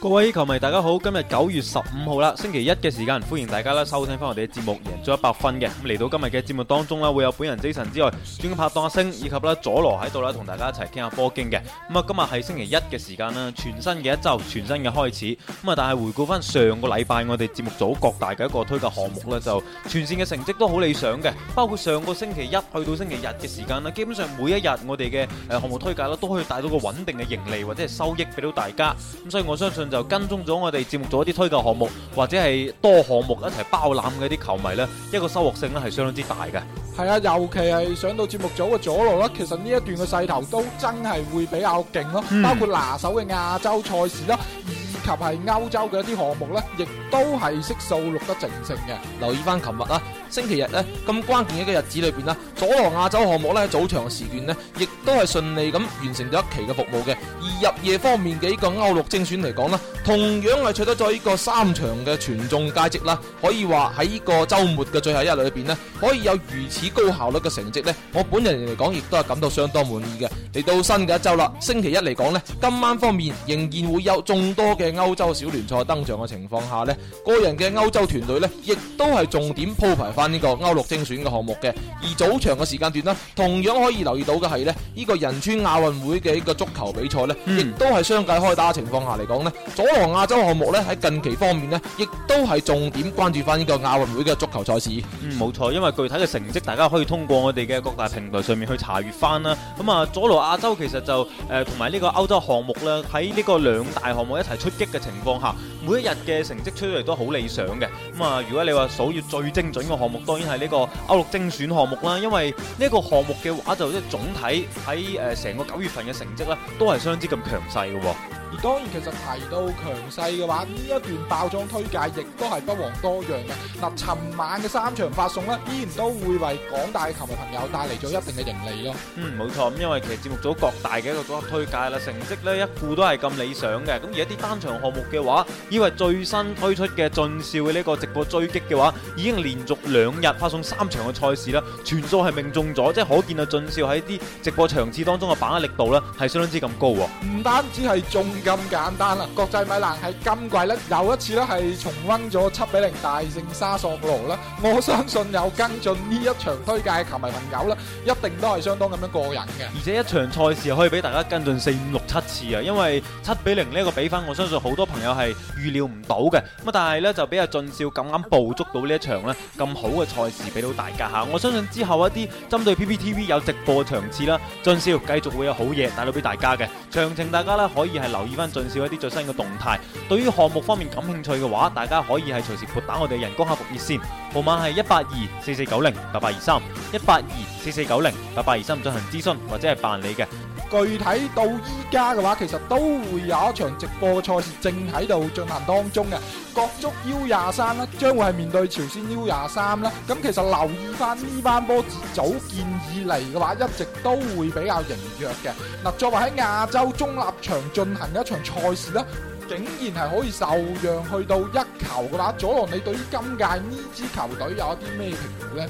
各位球迷大家好，今日九月十五號啦，星期一嘅時間，歡迎大家啦收聽翻我哋嘅節目贏足一百 FUN 嘅。咁嚟到今日嘅節目當中啦，會有本人 Jason 之外，仲有拍檔阿星以及啦佐羅喺度啦，同大家一齊傾下波經嘅。咁啊，今日係星期一嘅時間啦，全新嘅一周，全新嘅開始。咁啊，但係回顧翻上個禮拜我哋節目組各大嘅一個推介項目咧，就全線嘅成績都好理想嘅，包括上個星期一去到星期日嘅時間咧，基本上每一日我哋嘅項目推介啦，都可以帶到個穩定嘅盈利或者係收益俾到大家。咁所以我相信。就跟蹤咗我哋節目組一啲推介項目，或者係多項目一齊包攬嘅啲球迷咧，一個收穫性咧係相當之大嘅。係啊，尤其係上到節目組嘅佐羅啦，其實呢一段嘅勢頭都真係會比較勁咯。嗯、包括拿手嘅亞洲賽事啦，以及係歐洲嘅一啲項目咧，亦都係悉數錄得淨勝嘅。留意翻琴日啦，星期日咧咁關鍵嘅日子裏邊啦，佐羅亞洲項目咧早場時段咧，亦都係順利咁完成咗一期嘅服務嘅。而入夜方面幾個歐陸精選嚟講啦。同樣係取得咗呢個三場嘅全中佳績啦，可以話喺呢個周末嘅最後一日裏邊呢，可以有如此高效率嘅成績呢，我本人嚟講亦都係感到相當滿意嘅。嚟到新嘅一週啦，星期一嚟講呢，今晚方面仍然會有眾多嘅歐洲小聯賽登場嘅情況下呢，個人嘅歐洲團隊呢，亦都係重點鋪排翻呢個歐陸精選嘅項目嘅。而早場嘅時間段呢，同樣可以留意到嘅係呢，呢、呢個仁川亞運會嘅呢個足球比賽呢，亦都係相繼開打嘅情況下嚟講呢佐羅亞洲項目咧，喺近期方面呢，亦都係重點關注翻呢個亞運會嘅足球賽事。嗯，冇錯，因為具體嘅成績，大家可以通過我哋嘅各大平台上面去查閱翻啦。咁啊，佐羅亞洲其實就誒同埋呢個歐洲項目呢，喺呢個兩大項目一齊出擊嘅情況下。每一日嘅成績出嚟都好理想嘅，咁啊，如果你話數要最精準嘅項目，當然係呢個歐陸精選項目啦，因為呢個項目嘅話就即係總體喺誒成個九月份嘅成績咧，都係相之咁強勢嘅。而當然其實提到強勢嘅話，呢一段爆裝推介亦都係不遑多讓嘅。嗱，尋晚嘅三場發送呢，依然都會為廣大嘅球迷朋友帶嚟咗一定嘅盈利咯。嗯，冇錯，咁因為其實節目組各大嘅一個推介啦，成績呢，一貫都係咁理想嘅，咁而一啲單場項目嘅話。因為最新推出嘅俊少嘅呢個直播追擊嘅話，已經連續兩日發送三場嘅賽事啦，全數係命中咗，即係可見到俊少喺啲直播場次當中嘅把握力度咧，係相當之咁高。唔單止係中咁簡單啦，國際米蘭喺今季咧有一次咧係重温咗七比零大勝沙索羅啦。我相信有跟進呢一場推介嘅球迷朋友咧，一定都係相當咁樣過癮嘅。而且一場賽事可以俾大家跟進四五六七次啊，因為七比零呢個比分，我相信好多朋友係。預料唔到嘅，咁但係呢就俾阿俊少咁啱捕捉到呢一場咧咁好嘅賽事俾到大家吓，我相信之後一啲針對 PPTV 有直播嘅場次啦，俊少繼續會有好嘢帶到俾大家嘅。詳情大家呢可以係留意翻俊少一啲最新嘅動態。對於項目方面感興趣嘅話，大家可以係隨時撥打我哋嘅人工客服熱線，號碼係一八二四四九零八八二三一八二四四九零八八二三進行諮詢或者係辦理嘅。具體到依家嘅話，其實都會有一場直播賽事正喺度進行當中嘅，國足 U 廿三啦，將會係面對朝鮮 U 廿三啦。咁其實留意翻呢班波自組建以嚟嘅話，一直都會比較羸弱嘅。嗱，作為喺亞洲中立場進行嘅一場賽事啦，竟然係可以受讓去到一球嘅話，佐羅你對於今屆呢支球隊有啲咩評估呢？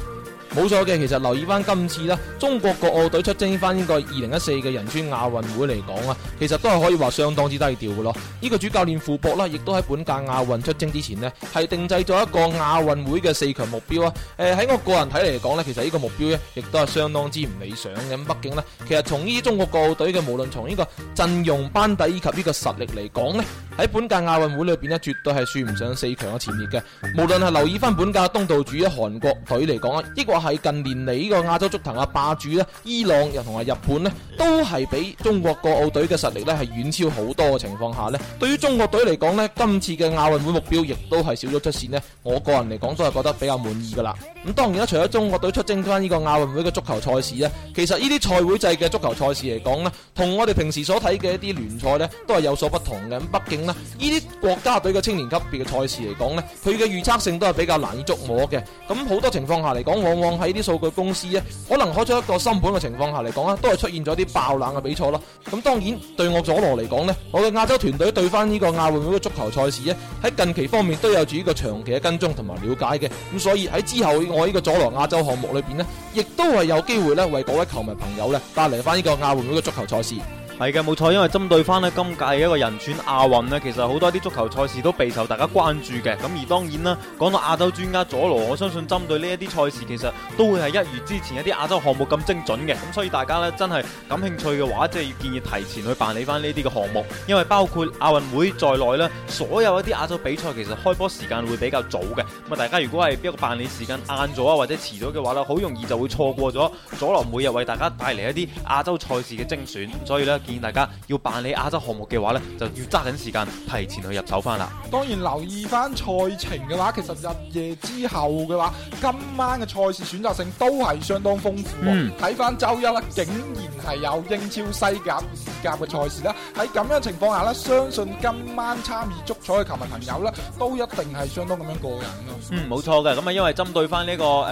冇錯嘅，其實留意翻今次啦。中國國奧隊出征翻呢個二零一四嘅仁川亞運會嚟講啊，其實都係可以話相當之低調嘅咯。呢、這個主教練傅博啦，亦都喺本屆亞運出征之前呢，係定制咗一個亞運會嘅四強目標啊。誒、呃，喺我個人睇嚟講呢，其實呢個目標呢，亦都係相當之唔理想嘅。畢竟呢，其實從呢中國國奧隊嘅無論從呢個陣容班底以及呢個實力嚟講呢，喺本屆亞運會裏邊呢，絕對係算唔上四強嘅前列嘅。無論係留意翻本屆東道主啊韓國隊嚟講啊，喺近年嚟呢個亞洲足壇嘅霸主咧，伊朗又同埋日本咧，都係比中國國奧隊嘅實力咧係遠超好多嘅情況下咧。對於中國隊嚟講咧，今次嘅亞運會目標亦都係少咗出線呢。我個人嚟講都係覺得比較滿意噶啦。咁、嗯、當然啦，除咗中國隊出征翻呢個亞運會嘅足球賽事呢，其實呢啲賽會制嘅足球賽事嚟講呢，同我哋平時所睇嘅一啲聯賽呢都係有所不同嘅。咁畢竟呢，呢啲國家隊嘅青年級別嘅賽事嚟講呢，佢嘅預測性都係比較難以捉摸嘅。咁好多情況下嚟講，往往放喺啲數據公司咧，可能開咗一個新盤嘅情況下嚟講啊，都係出現咗啲爆冷嘅比賽咯。咁當然，對我佐羅嚟講咧，我嘅亞洲團隊對翻呢個亞運會嘅足球賽事咧，喺近期方面都有住呢個長期嘅跟蹤同埋了解嘅。咁所以喺之後我呢個佐羅亞洲項目裏邊咧，亦都係有機會咧為各位球迷朋友咧帶嚟翻呢個亞運會嘅足球賽事。係嘅，冇錯，因為針對翻呢今屆嘅一個人選亞運呢，其實好多啲足球賽事都備受大家關注嘅。咁而當然啦，講到亞洲專家佐羅，我相信針對呢一啲賽事其實都會係一如之前一啲亞洲項目咁精準嘅。咁所以大家呢，真係感興趣嘅話，即係要建議提前去辦理翻呢啲嘅項目，因為包括亞運會在內呢，所有一啲亞洲比賽其實開波時間會比較早嘅。咁啊，大家如果係一個辦理時間晏咗啊，或者遲咗嘅話呢，好容易就會錯過咗佐羅每日為大家帶嚟一啲亞洲賽事嘅精選。所以呢。建議大家要辦理亞洲項目嘅話呢，就要揸緊時間提前去入手翻啦。當然留意翻賽程嘅話，其實入夜之後嘅話，今晚嘅賽事選擇性都係相當豐富。睇翻周一呢，竟然係有英超西甲、意甲嘅賽事啦。喺咁樣情況下呢，相信今晚參與足彩嘅球迷朋友呢，都一定係相當咁樣過癮咯。嗯，冇錯嘅。咁啊，因為針對翻呢個誒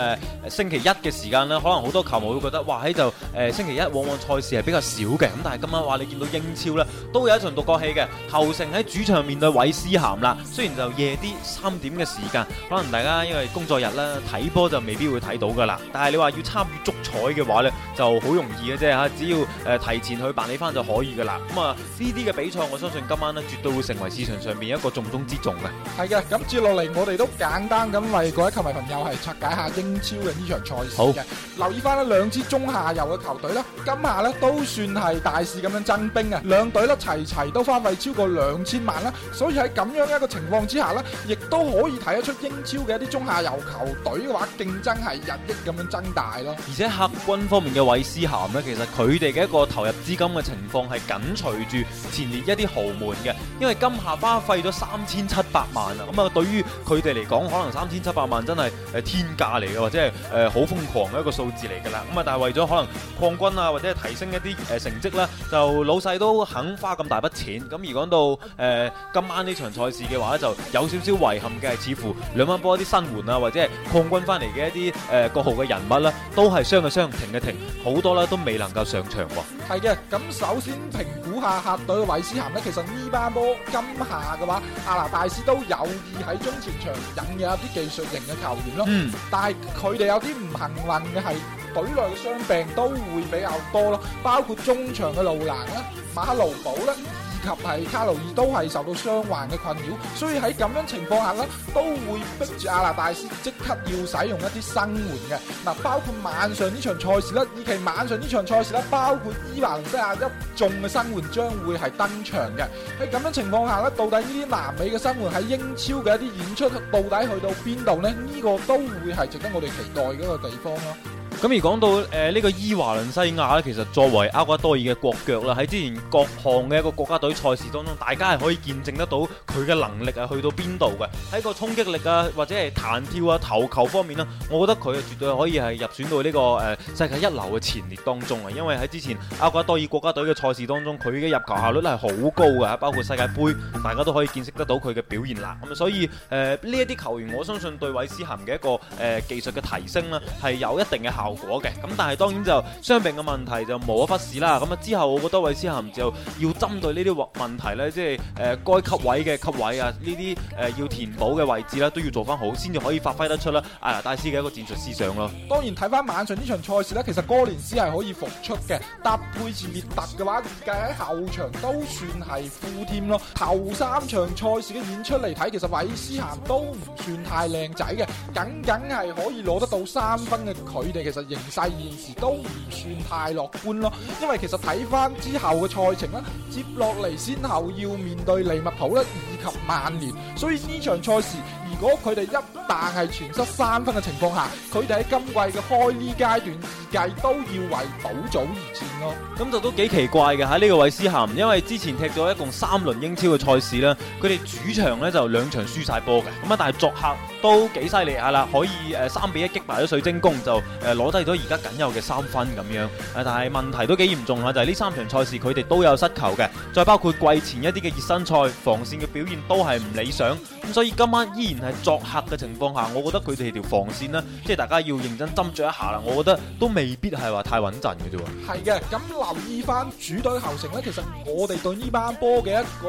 星期一嘅時間呢，可能好多球迷會覺得哇，喺就誒星期一往往賽事係比較少嘅，咁但係今晚。話你見到英超咧，都有一場獨角戲嘅，侯城喺主場面對韋斯咸啦。雖然就夜啲三點嘅時間，可能大家因為工作日啦，睇波就未必會睇到噶啦。但係你話要參與足彩嘅話呢，就好容易嘅啫吓，只要誒、呃、提前去辦理翻就可以噶啦。咁啊呢啲嘅比賽，我相信今晚呢絕對會成為市場上面一個重中之重嘅。係嘅，咁接落嚟我哋都簡單咁為各位球迷朋友係拆解下英超嘅呢場賽事嘅。好留意翻啦，兩支中下游嘅球隊啦，今夏呢都算係大事咁。增兵啊，兩隊咧齊齊都花費，費超過兩千萬啦，所以喺咁樣一個情況之下咧，亦都可以睇得出英超嘅一啲中下游球隊嘅話，競爭係日益咁樣增大咯。而且客軍方面嘅韋斯咸呢，其實佢哋嘅一個投入資金嘅情況係緊隨住前列一啲豪門嘅，因為今夏花費咗三千七百萬啊，咁啊對於佢哋嚟講，可能三千七百萬真係誒天價嚟嘅，或者係誒好瘋狂嘅一個數字嚟噶啦。咁啊，但係為咗可能擴軍啊，或者係提升一啲誒成績啦，就老細都肯花咁大筆錢，咁而講到誒、呃、今晚呢場賽事嘅話，就有少少遺憾嘅係，似乎兩班波一啲新援啊，或者係抗軍翻嚟嘅一啲誒國豪嘅人物咧，都係傷嘅傷，停嘅停，好多咧都未能夠上場。係嘅，咁首先評估下客隊嘅韋斯咸呢，其實呢班波今夏嘅話，阿拿大師都有意喺中前場引入一啲技術型嘅球員咯，嗯、但係佢哋有啲唔幸運嘅係。隊內嘅傷病都會比較多咯，包括中場嘅路蘭啦、馬盧保啦，以及係卡路爾都係受到傷患嘅困擾，所以喺咁樣情況下咧，都會逼住阿拉大師即刻要使用一啲新援嘅嗱，包括晚上呢場賽事咧，以及晚上呢場賽事咧，包括伊萬尼斯亞一眾嘅新援將會係登場嘅。喺咁樣情況下咧，到底呢啲南美嘅新援喺英超嘅一啲演出，到底去到邊度呢？呢個都會係值得我哋期待一個地方咯。咁而講到呢、呃呢個伊華倫西亞咧，其實作為厄瓜多爾嘅國腳啦，喺之前各項嘅一個國家隊賽事當中，大家係可以見證得到佢嘅能力係去到邊度嘅，喺個衝擊力啊，或者係彈跳啊、頭球方面呢，我覺得佢絕對可以係入選到呢、呢個、呃、世界一流嘅前列當中啊。因為喺之前厄瓜多爾國家隊嘅賽事當中，佢嘅入球效率係好高嘅，包括世界盃，大家都可以見識得到佢嘅表現啦。咁所以呢一啲球員，我相信對韋斯咸嘅一個、呃、技術嘅提升呢，係有一定嘅效效果嘅，咁但係當然就傷病嘅問題就冇可忽視啦。咁啊之後，我覺得韋斯咸就要針對呢啲問題咧，即係誒該級位嘅級位啊，呢啲誒要填補嘅位置啦，都要做翻好，先至可以發揮得出啦。艾拿大斯嘅一個戰術思想咯。當然睇翻晚上呢場賽事咧，其實哥連斯係可以復出嘅，搭配住列特嘅話，計喺後場都算係附添咯。頭三場賽事嘅演出嚟睇，其實韋斯咸都唔算太靚仔嘅，僅僅係可以攞得到三分嘅佢哋嘅。其實形勢現時都唔算太樂觀咯，因為其實睇返之後嘅賽程啦，接落嚟先後要面對利物浦啦以及曼聯，所以呢場賽事如果佢哋一旦係全失三分嘅情況下，佢哋喺今季嘅開呢階段計都要為保組而戰咯。咁就都幾奇怪嘅喺呢個韋斯咸，因為之前踢咗一共三輪英超嘅賽事啦，佢哋主場咧，就兩場輸晒波嘅，咁啊但係作客都幾犀利下啦，可以誒三比一擊敗咗水晶宮就誒攞。攞低咗而家僅有嘅三分咁樣，但係問題都幾嚴重啦，就係、是、呢三場賽事佢哋都有失球嘅，再包括季前一啲嘅熱身賽，防線嘅表現都係唔理想，咁所以今晚依然係作客嘅情況下，我覺得佢哋條防線咧，即係大家要認真斟酌一下啦，我覺得都未必係話太穩陣嘅啫，係嘅。咁留意翻主隊後程咧，其實我哋對呢班波嘅一個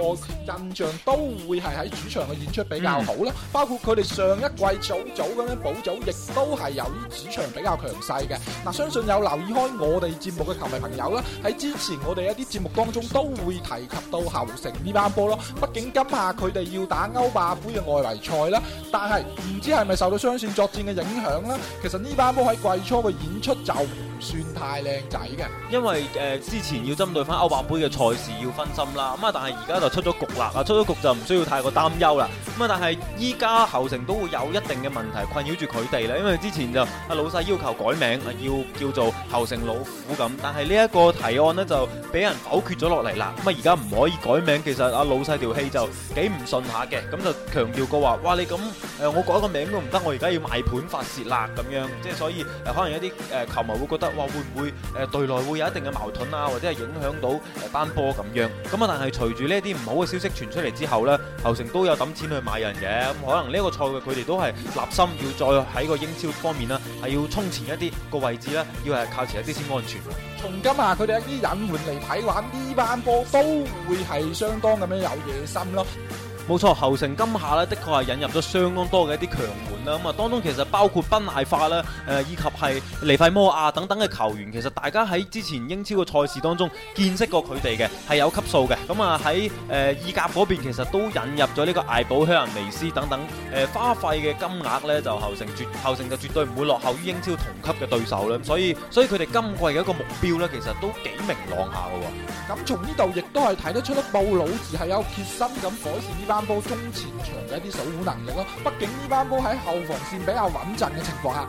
印象都會係喺主場嘅演出比較好啦，嗯、包括佢哋上一季早早咁樣補組亦都係由於主場比較強。嘅，嗱，相信有留意開我哋節目嘅球迷朋友啦，喺之前我哋一啲節目當中都會提及到侯城呢班波咯。畢竟今下佢哋要打歐霸盃嘅外圍賽啦，但係唔知係咪受到雙線作戰嘅影響咧？其實呢班波喺季初嘅演出就算太靚仔嘅，因為誒、呃、之前要針對翻歐霸杯嘅賽事要分心啦，咁啊但係而家就出咗局啦，啊出咗局了就唔需要太過擔憂啦，咁啊但係依家侯城都會有一定嘅問題困擾住佢哋啦，因為之前就阿老細要求改名，要叫做侯城老虎咁，但係呢一個提案呢，就俾人否決咗落嚟啦，咁啊而家唔可以改名，其實阿老細條氣就幾唔順下嘅，咁就強調過話，哇你咁誒我改個名都唔得，我而家要賣盤發泄啦咁樣，即係所以誒、呃、可能有啲誒球迷會覺得。話會唔會誒隊內會有一定嘅矛盾啊，或者係影響到誒班波咁樣咁啊？但係隨住呢一啲唔好嘅消息傳出嚟之後咧，球成都有抌錢去買人嘅。咁可能呢一個賽季佢哋都係立心要再喺個英超方面啦，係要衝前一啲個位置咧，要係靠前一啲先安全。從今日佢哋一啲隱瞞嚟睇，玩呢班波都會係相當咁樣有野心咯。冇錯，侯城今夏咧，的確係引入咗相當多嘅一啲強援啦。咁啊，當中其實包括賓艾化啦，誒以及係尼費摩亞等等嘅球員，其實大家喺之前英超嘅賽事當中見識過佢哋嘅，係有級數嘅。咁啊喺誒意甲嗰邊，其實都引入咗呢個艾保香、人、尼斯等等誒、呃、花費嘅金額咧，就侯城絕侯城就絕對唔會落後於英超同級嘅對手啦。所以所以佢哋今季嘅一個目標咧，其實都幾明朗下嘅喎。咁從呢度亦都係睇得出咧，布魯爾係有決心咁改善呢班。班波中前場嘅一啲守護能力咯，畢竟呢班波喺後防綫比較穩陣嘅情況下，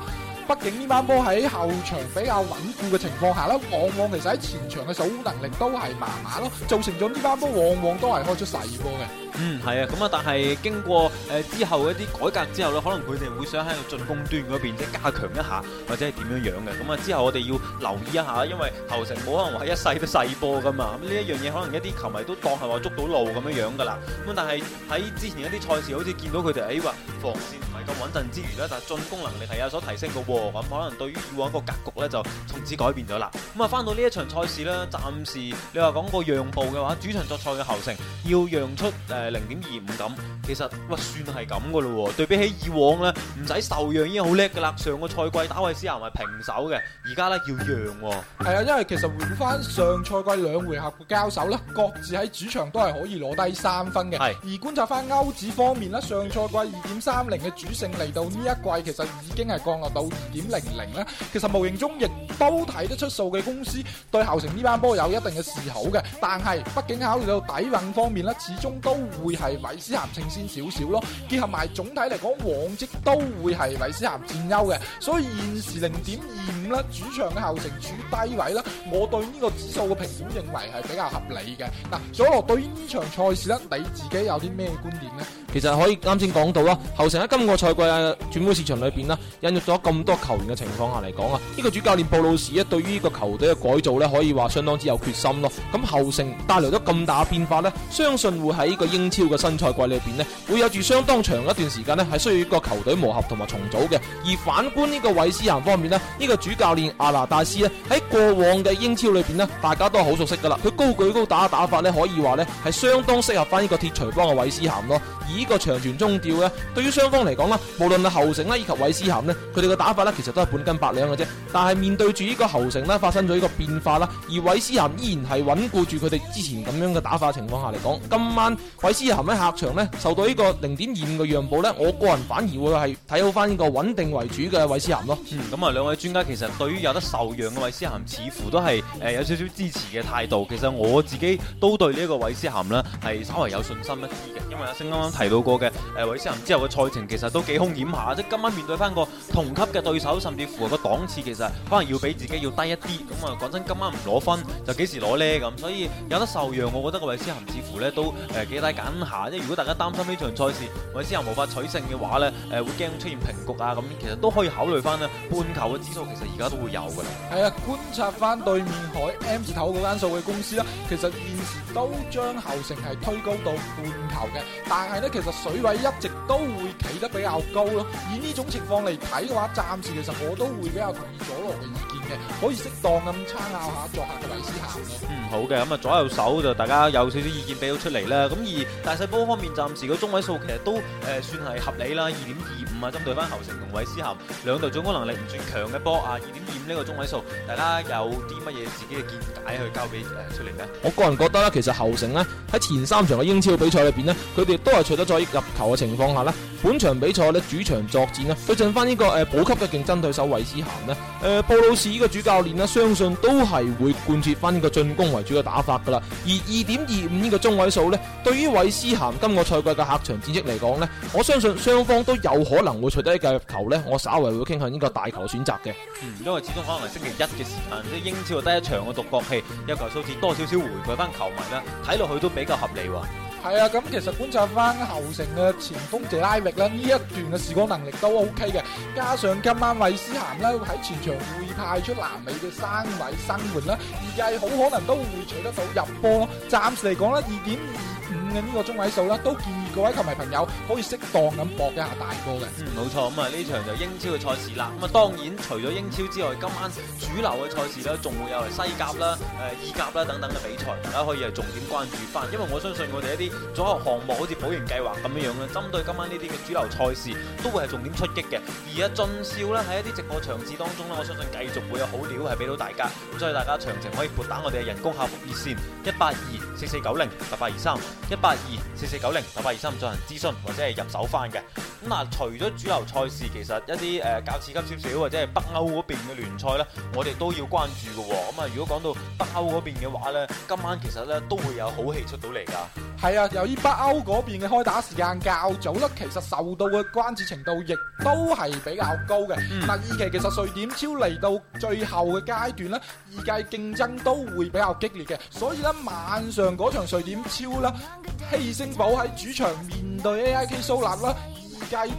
畢竟呢班波喺後場比較穩固嘅情況下啦，往往其實喺前場嘅守護能力都係麻麻咯，造成咗呢班波往往都係開出細波嘅。嗯，係啊，咁啊，但係經過誒之後一啲改革之後咧，可能佢哋會想喺個進攻端嗰邊即係加強一下，或者係點樣樣嘅。咁啊，之後我哋要留意一下，因為侯城冇可能話一世都細波噶嘛。咁呢一樣嘢，可能一啲球迷都當係話捉到路咁樣樣噶啦。咁但係喺之前一啲賽事，好似見到佢哋誒話防線唔係咁穩陣之餘咧，但係進攻能力係有所提升噶。咁可能對於以往一個格局咧，就從此改變咗啦。咁啊，翻到呢一場賽事咧，暫時你話講個讓步嘅話，主場作賽嘅侯城要讓出誒。零點二五咁，其實哇算係咁噶咯喎。對比起以往咧，唔使受讓已經好叻噶啦。上個賽季打維斯亞咪平手嘅，而家咧要讓喎、哦。係啊，因為其實回顧翻上賽季兩回合嘅交手啦，各自喺主場都係可以攞低三分嘅。係的。而觀察翻歐指方面啦，上賽季二點三零嘅主勝嚟到呢一季其實已經係降落到二點零零啦。其實無形中亦都睇得出數嘅公司對後城呢班波有一定嘅示好嘅，但係畢竟考慮到底蘊方面咧，始終都。會係韋斯咸勝先少少咯，結合埋總體嚟講，往績都會係韋斯咸佔優嘅，所以現時零點二五啦，主場嘅後城處低位啦，我對呢個指數嘅評點認為係比較合理嘅。嗱、啊，佐羅對於呢場賽事咧，你自己有啲咩觀點呢？其實可以啱先講到啦，後城喺今個賽季轉會市場裏邊啦，引入咗咁多球員嘅情況下嚟講啊，呢、這個主教練布魯士咧，對於呢個球隊嘅改造咧，可以話相當之有決心咯。咁後城帶來咗咁大變化咧，相信會喺呢個英。英超嘅新賽季裏邊呢，會有住相當長一段時間呢，係需要一個球隊磨合同埋重組嘅。而反觀呢個韋斯咸方面呢，呢個主教練阿拿戴斯呢，喺過往嘅英超裏邊呢，大家都好熟悉噶啦。佢高舉高打嘅打法呢，可以話呢係相當適合翻呢個鐵錘幫嘅韋斯咸咯。而呢個長傳中調呢，對於雙方嚟講啦，無論係侯城咧以及韋斯咸呢，佢哋嘅打法呢，其實都係半斤八兩嘅啫。但係面對住呢個侯城呢，發生咗呢個變化啦，而韋斯咸依然係穩固住佢哋之前咁樣嘅打法的情況下嚟講，今晚韋斯咸喺客場咧受到呢個零點二五嘅讓步呢，我個人反而會係睇好翻呢個穩定為主嘅韋斯咸咯。嗯，咁啊兩位專家其實對於有得受讓嘅韋斯咸，似乎都係誒、呃、有少少支持嘅態度。其實我自己都對這呢一個韋斯咸呢係稍為有信心一啲嘅，因為阿星啱啱提到過嘅韋、呃、斯咸之後嘅賽程其實都幾兇險下，即係今晚面對翻個同級嘅對手，甚至乎、啊、個檔次其實可能要比自己要低一啲。咁啊講真，今晚唔攞分就幾時攞呢？咁，所以有得受讓，我覺得個韋斯咸似乎呢都誒、呃、幾低。咁下，即係如果大家擔心呢場賽事或者之後無法取勝嘅話咧，誒會驚出現平局啊，咁其實都可以考慮翻咧半球嘅指數，其實而家都會有㗎啦。係啊，觀察翻對面海 M 字頭嗰間數嘅公司啦，其實現時都將後成係推高到半球嘅，但係咧其實水位一直都會企得比較高咯。以呢種情況嚟睇嘅話，暫時其實我都會比較同意咗落嘅意見。可以適當咁參考下作客嘅韋斯咸。嘅。嗯，好嘅，咁啊左右手就大家有少少意見俾到出嚟啦。咁而大細波方面，暫時個中位數其實都誒、呃、算係合理啦，二點二五啊，針對翻侯城同韋斯咸兩隊進攻能力唔算強嘅波啊，二點二五呢個中位數，大家有啲乜嘢自己嘅見解去交俾誒、呃、出嚟咧？我個人覺得咧，其實侯城呢喺前三場嘅英超比賽裏邊呢，佢哋都係取得咗入球嘅情況下咧。本場比賽咧，主場作戰咧，對陣，翻呢個誒保級嘅競爭對手韋斯咸呢，誒、呃、布魯士呢個主教練咧，相信都係會貫徹翻呢個進攻為主嘅打法噶啦。而二點二五呢個中位數咧，對於韋斯咸今個賽季嘅客場戰績嚟講咧，我相信雙方都有可能會取得入球呢，我稍為會傾向呢個大球嘅選擇嘅。嗯，因為始終可能係星期一嘅時間，即英超就得一場嘅獨角戲，有一球數字多少少回饋翻球迷啦，睇落去都比較合理喎、哦。係啊，咁其實觀察翻後城嘅前鋒謝拉域咧，呢一段嘅視光能力都 O K 嘅，加上今晚韋斯咸咧喺前場會派出南美嘅三位新援啦，預計好可能都會取得到入波，暫時嚟講咧，二點二。五嘅呢個中位數啦，都建議各位球迷朋友可以適當咁搏一下大波嘅。嗯，冇錯，咁啊呢場就係英超嘅賽事啦。咁啊當然除咗英超之外，今晚主流嘅賽事咧，仲會有西甲啦，誒、呃、意甲啦等等嘅比賽，大家可以係重點關注翻。因為我相信我哋一啲組合項目，好似保營計劃咁樣樣咧，針對今晚呢啲嘅主流賽事，都會係重點出擊嘅。而家俊少呢喺一啲直播場次當中咧，我相信繼續會有好料係俾到大家。咁所以大家詳情可以撥打我哋嘅人工客服熱線一八二。四四九零八八二三一八二四四九零八八二三進行諮詢或者係入手翻嘅。咁啊，除咗主流賽事，其實一啲誒較刺激少少或者係北歐嗰邊嘅聯賽咧，我哋都要關注嘅、哦。咁啊，如果講到北歐嗰邊嘅話咧，今晚其實咧都會有好戲出到嚟噶。係啊，由於北歐嗰邊嘅開打時間較早啦，其實受到嘅關注程度亦都係比較高嘅。嗯，但係呢期其實瑞典超嚟到最後嘅階段咧，二屆競爭都會比較激烈嘅，所以咧晚上。嗰場瑞典超啦，希星堡喺主場面對 A I K 蘇納啦。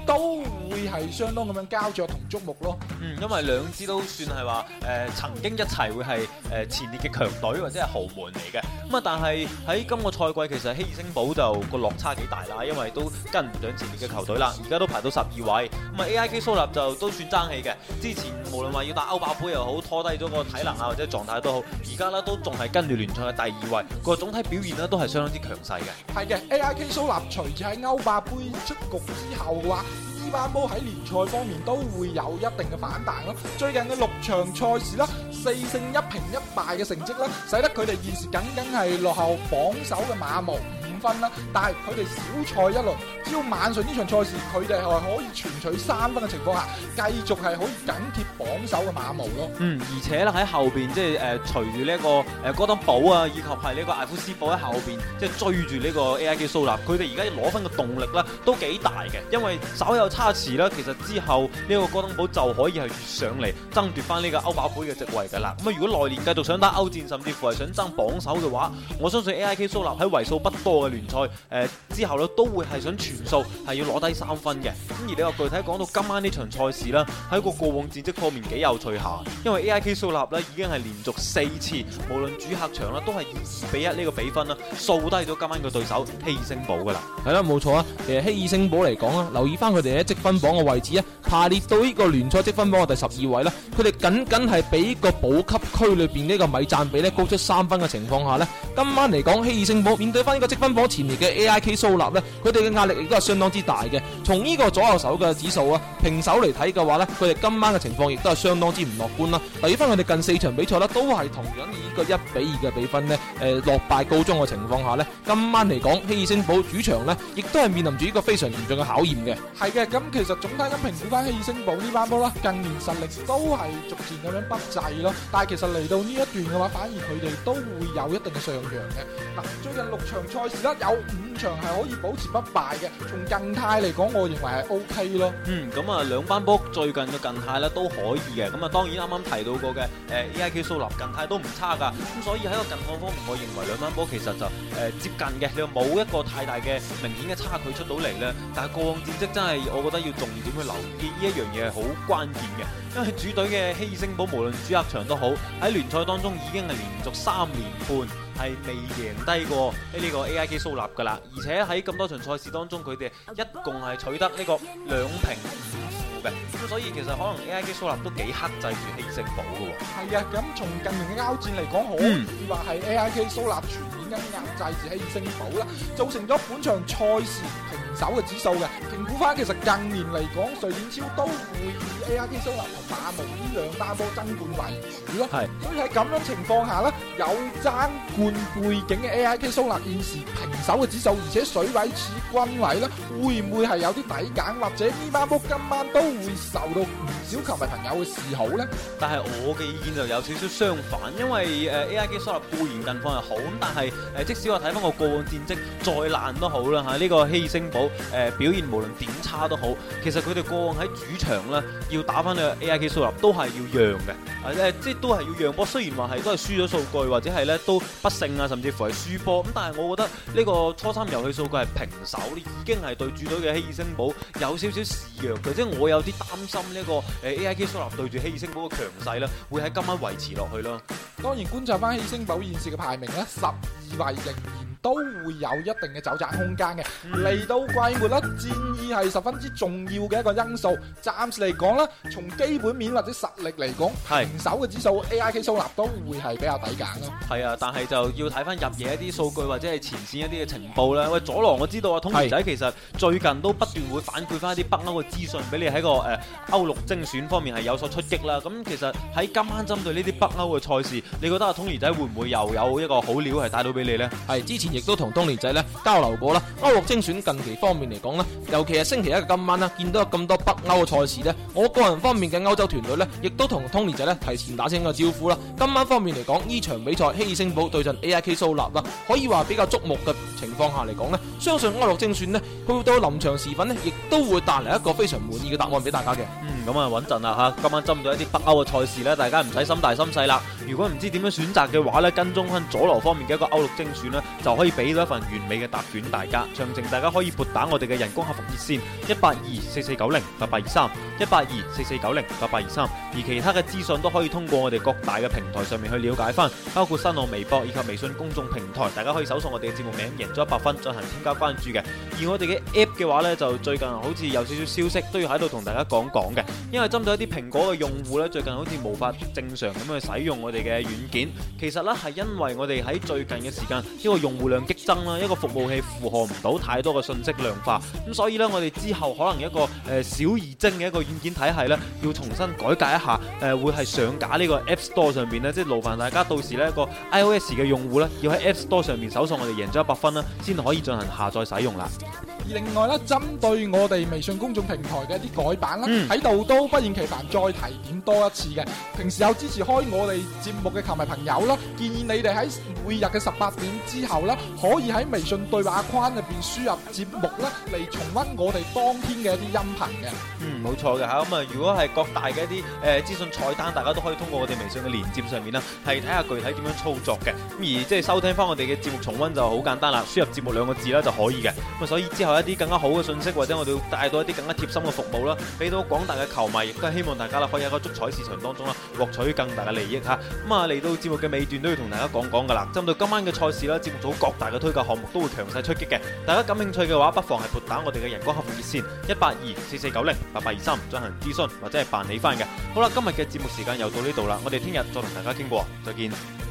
都會係相當咁樣膠着同矚目咯，嗯，因為兩支都算係話誒曾經一齊會係誒前列嘅強隊或者係豪門嚟嘅。咁啊但係喺今個賽季其實希爾星堡就個落差幾大啦，因為都跟唔上前列嘅球隊啦，而家都排到十二位，咁啊 A I K 蘇納就都算爭氣嘅，之前無論話要打歐霸杯又好，拖低咗個體能啊或者狀態都好，而家都仲係跟住聯賽嘅第二位，個總體表現都係相當之強勢嘅。係嘅，A I K 蘇納隨住喺歐霸杯出局之後。話呢班波喺聯賽方面都會有一定嘅反彈咯。最近嘅六場賽事啦，四勝一平一敗嘅成績啦，使得佢哋現時僅僅係落後榜首嘅馬毛分啦，但係佢哋少賽一輪，只要晚上呢場賽事佢哋係可以全取三分嘅情況下，繼續係可以緊貼榜首嘅馬毛咯。嗯，而且咧喺後邊即係誒，隨住呢個誒哥、呃、登堡啊，以及係呢個艾夫斯堡喺後邊，即係追住呢個 A I K 蘇納，佢哋而家攞分嘅動力咧都幾大嘅，因為稍有差池啦，其實之後呢個哥登堡就可以係上嚟爭奪翻呢個歐霸盃嘅席位噶啦。咁啊，如果來年繼續想打歐戰，甚至乎係想爭榜首嘅話，我相信 A I K 蘇納喺為數不多嘅。聯賽誒之後咧，都會係想全數係要攞低三分嘅。咁而你又具體講到今晚這場賽呢場賽事啦，喺個過往戰績方面幾有趣下，因為 A I K 蘇立咧已經係連續四次，無論主客場啦，都係二比一呢個比分啦，掃低咗今晚嘅對手希爾聖堡噶啦。係啦，冇錯啊。誒，希爾聖堡嚟講啊，留意翻佢哋喺積分榜嘅位置啊，排列到呢個聯賽積分榜嘅第十二位啦。佢哋僅僅係比個保級區裏邊呢個米讚比咧高出三分嘅情況下呢。今晚嚟講，希爾森堡面對翻呢個積分榜前面嘅 A.I.K 蘇納呢，佢哋嘅壓力亦都係相當之大嘅。從呢個左右手嘅指數啊，平手嚟睇嘅話呢，佢哋今晚嘅情況亦都係相當之唔樂觀啦、啊。留意翻佢哋近四場比賽呢都係同樣以一個一比二嘅比分呢，誒、呃、落敗告終嘅情況下呢，今晚嚟講，希爾森堡主場呢亦都係面臨住呢個非常嚴重嘅考驗嘅。係嘅，咁其實總體咁評估翻希爾森堡呢班波啦，近年實力都係逐漸咁樣不濟咯，但係其實嚟到呢一段嘅話，反而佢哋都會有一定嘅上。嘅嗱，最近六場賽事咧有五場係可以保持不敗嘅，從近態嚟講，我認為係 O K 咯。嗯，咁啊，兩班波最近嘅近態咧都可以嘅，咁啊，當然啱啱提到過嘅誒，A I K 蘇納近態都唔差噶，咁所以喺個近況方面，我認為兩班波其實就誒、呃、接近嘅，又冇一個太大嘅明顯嘅差距出到嚟咧。但係過往戰績真係，我覺得要重點去留意呢一樣嘢係好關鍵嘅，因為主隊嘅希爾星堡無論主客場都好，喺聯賽當中已經係連續三年半。係未贏低過呢個 AIK 蘇納噶啦，而且喺咁多場賽事當中，佢哋一共係取得呢個兩平五負嘅。咁所以其實可能 AIK 蘇納都幾剋制住希聖保嘅喎。係啊，咁從近年嘅歐戰嚟講，好，亦話係 AIK 蘇納全面咁壓制住希聖保啦，造成咗本場賽事平手嘅指數嘅，評估返其實近年嚟講，瑞典超都會以 A I K 蘇納同馬木呢兩孖波爭冠為主。如果係，所以喺咁樣情況下咧，有爭冠背景嘅 A I K 蘇納現時平手嘅指數，而且水位似均位咧，會唔會係有啲抵減，或者呢孖波今晚都會受到唔少球迷朋友嘅示好咧？但係我嘅意見就有少少相反，因為誒 A I K 蘇納固然近況係好，但係誒即使我睇翻個過往戰績再爛都好啦嚇，呢個希爾星堡。誒、呃，表現無論點差都好，其實佢哋過往喺主場咧，要打翻嘅 A I K 蘇納都係要讓嘅、呃，即都係要讓波。雖然話係都係輸咗數據或者係咧都不勝啊，甚至乎係輸波。咁但係我覺得呢個初三遊戲數據係平手，呢已經係對主隊嘅希爾星堡有少少示弱嘅，即係我有啲擔心這個呢個誒 A I K 蘇納對住希爾星堡嘅強勢咧，會喺今晚維持落去咯。當然觀察翻希爾星堡現時嘅排名咧，十二位仍然。都會有一定嘅走窄空間嘅。嚟、嗯、到季末啦，戰意係十分之重要嘅一個因素。暫時嚟講啦，從基本面或者實力嚟講，是平手嘅指數 A I K 蘇納都會係比較抵揀咯。係啊，但係就要睇翻入夜一啲數據或者係前線一啲嘅情報啦。喂，佐羅，我知道啊，通兒仔是其實最近都不斷會反饋翻一啲北歐嘅資訊俾你喺個誒歐陸精選方面係有所出擊啦。咁其實喺今晚針對呢啲北歐嘅賽事，你覺得啊，通兒仔會唔會又有一個好料係帶到俾你呢？係之前。亦都同通年仔咧交流過啦。歐陸精選近期方面嚟講咧，尤其係星期一嘅今晚啦，見到有咁多北歐嘅賽事咧，我個人方面嘅歐洲團隊咧，亦都同通年仔咧提前打聲個招呼啦。今晚方面嚟講，呢場比賽希爾星堡對陣 A I K 蘇立啦，可以話比較矚目嘅。情況下嚟講呢，相信歐陸精選呢，佢到臨場時份呢，亦都會帶嚟一個非常滿意嘅答案俾大家嘅。嗯，咁啊穩陣啦吓，今晚針對一啲北歐嘅賽事呢，大家唔使心大心細啦。如果唔知點樣選擇嘅話呢，跟蹤翻佐羅方面嘅一個歐陸精選呢，就可以俾到一份完美嘅答卷大家。詳情大家可以撥打我哋嘅人工客服熱線一八二四四九零八八二三一八二四四九零八八二三，而其他嘅資訊都可以通過我哋各大嘅平台上面去了解翻，包括新浪微博以及微信公眾平台，大家可以搜索我哋嘅節目名。足 100FUN，進行添加關注嘅。而我哋嘅 App 嘅話呢，就最近好似有少少消息都要喺度同大家講講嘅。因為針對一啲蘋果嘅用戶呢，最近好似無法正常咁去使用我哋嘅軟件。其實呢，係因為我哋喺最近嘅時間，呢個用戶量激增啦，一個服務器負荷唔到太多嘅信息量化。咁所以呢，我哋之後可能一個誒、呃、小而精嘅一個軟件體系呢，要重新改革一下。誒、呃，會係上架呢個 App Store 上面呢，即係勞煩大家到時呢個 iOS 嘅用戶呢，要喺 App Store 上面搜索我哋贏足 100FUN。先可以進行下載使用啦。而另外咧，針對我哋微信公眾平台嘅一啲改版咧，喺度、嗯、都不厭其煩再提點多一次嘅。平時有支持開我哋節目嘅球迷朋友啦，建議你哋喺每日嘅十八點之後咧，可以喺微信對話框入邊輸入節目咧嚟重溫我哋當天嘅一啲音頻嘅、嗯。嗯，冇錯嘅吓。咁啊，如果係各大嘅一啲誒資訊菜單，大家都可以通過我哋微信嘅連接上面啦，係睇下具體點樣操作嘅。咁、嗯、而即係收聽翻我哋嘅節目重溫就好簡單啦。輸入節目兩個字啦就可以嘅，咁所以之後一啲更加好嘅信息或者我哋要帶到一啲更加貼心嘅服務啦，俾到廣大嘅球迷，亦都希望大家啦可以喺個足彩市場當中啦獲取更大嘅利益吓，咁啊，嚟到節目嘅尾段都要同大家講講噶啦，針對今晚嘅賽事啦，節目組各大嘅推介項目都會強勢出擊嘅，大家感興趣嘅話不妨係撥打我哋嘅人工客服熱線一八二四四九零八八二三進行諮詢或者係辦理翻嘅。好啦，今日嘅節目時間又到呢度啦，我哋聽日再同大家傾過，再見。